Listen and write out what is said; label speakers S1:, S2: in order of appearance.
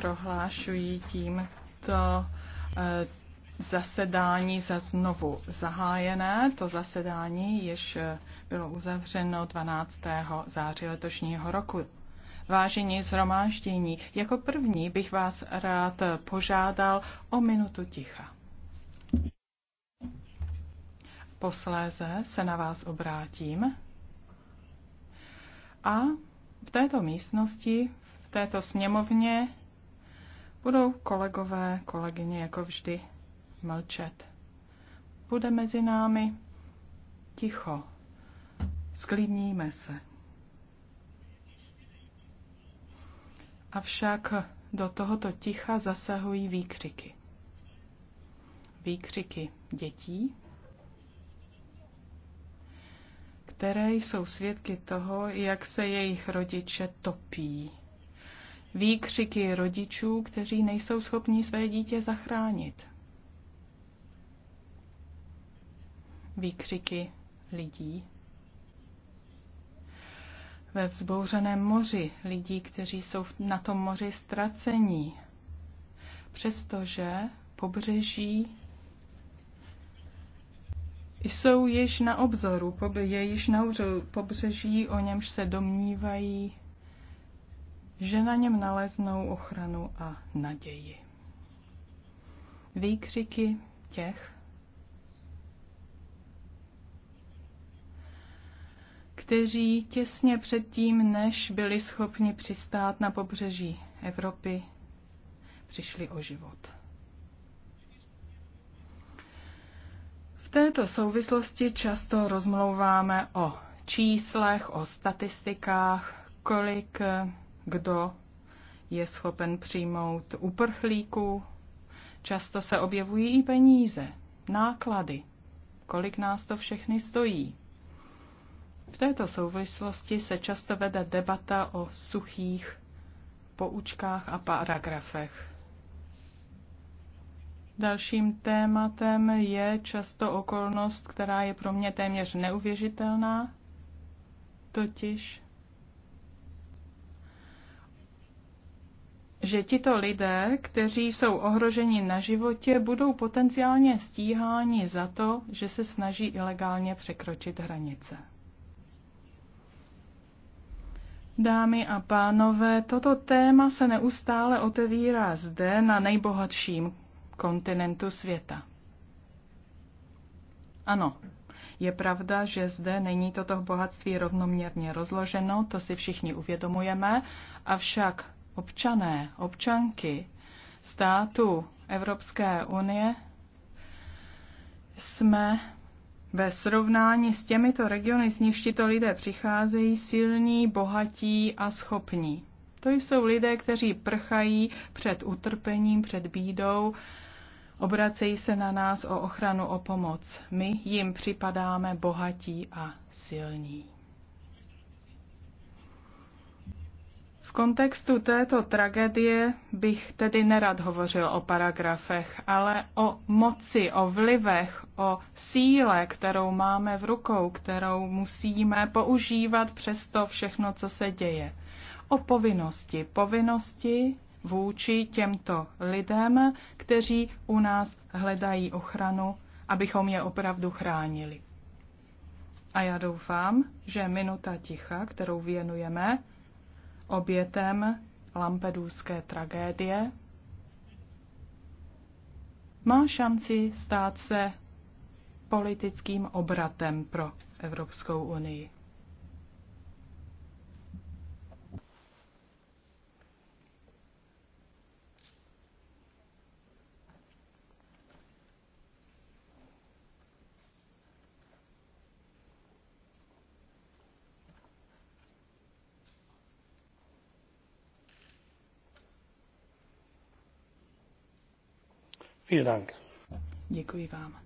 S1: prohlašuji tímto eh, zasedání za znovu zahájené. To zasedání již eh, bylo uzavřeno 12. září letošního roku. Vážení zhromáždění, jako první bych vás rád požádal o minutu ticha. Posléze se na vás obrátím a v této místnosti, v této sněmovně budou kolegové, kolegyně jako vždy mlčet. Bude mezi námi ticho. Sklidníme se. Avšak do tohoto ticha zasahují výkřiky. Výkřiky dětí, které jsou svědky toho, jak se jejich rodiče topí. Výkřiky rodičů, kteří nejsou schopni své dítě zachránit. Výkřiky lidí. Ve vzbouřeném moři lidí, kteří jsou na tom moři ztracení. Přestože pobřeží jsou již na obzoru, je již na pobřeží, o němž se domnívají, že na něm naleznou ochranu a naději. Výkřiky těch, kteří těsně předtím, než byli schopni přistát na pobřeží Evropy, přišli o život. V této souvislosti často rozmlouváme o číslech, o statistikách, kolik kdo je schopen přijmout uprchlíků. Často se objevují i peníze, náklady, kolik nás to všechny stojí. V této souvislosti se často vede debata o suchých poučkách a paragrafech. Dalším tématem je často okolnost, která je pro mě téměř neuvěřitelná, totiž, že tito lidé, kteří jsou ohroženi na životě, budou potenciálně stíháni za to, že se snaží ilegálně překročit hranice. Dámy a pánové, toto téma se neustále otevírá zde na nejbohatším kontinentu světa. Ano, je pravda, že zde není toto bohatství rovnoměrně rozloženo, to si všichni uvědomujeme, avšak občané, občanky států Evropské unie jsme ve srovnání s těmito regiony, z nichž tito lidé přicházejí, silní, bohatí a schopní. To jsou lidé, kteří prchají před utrpením, před bídou, obracejí se na nás o ochranu, o pomoc. My jim připadáme bohatí a silní. kontextu této tragédie bych tedy nerad hovořil o paragrafech, ale o moci, o vlivech, o síle, kterou máme v rukou, kterou musíme používat přesto všechno, co se děje. O povinnosti, povinnosti vůči těmto lidem, kteří u nás hledají ochranu, abychom je opravdu chránili. A já doufám, že minuta ticha, kterou věnujeme, obětem lampedůské tragédie, má šanci stát se politickým obratem pro Evropskou unii. Děkuji vám.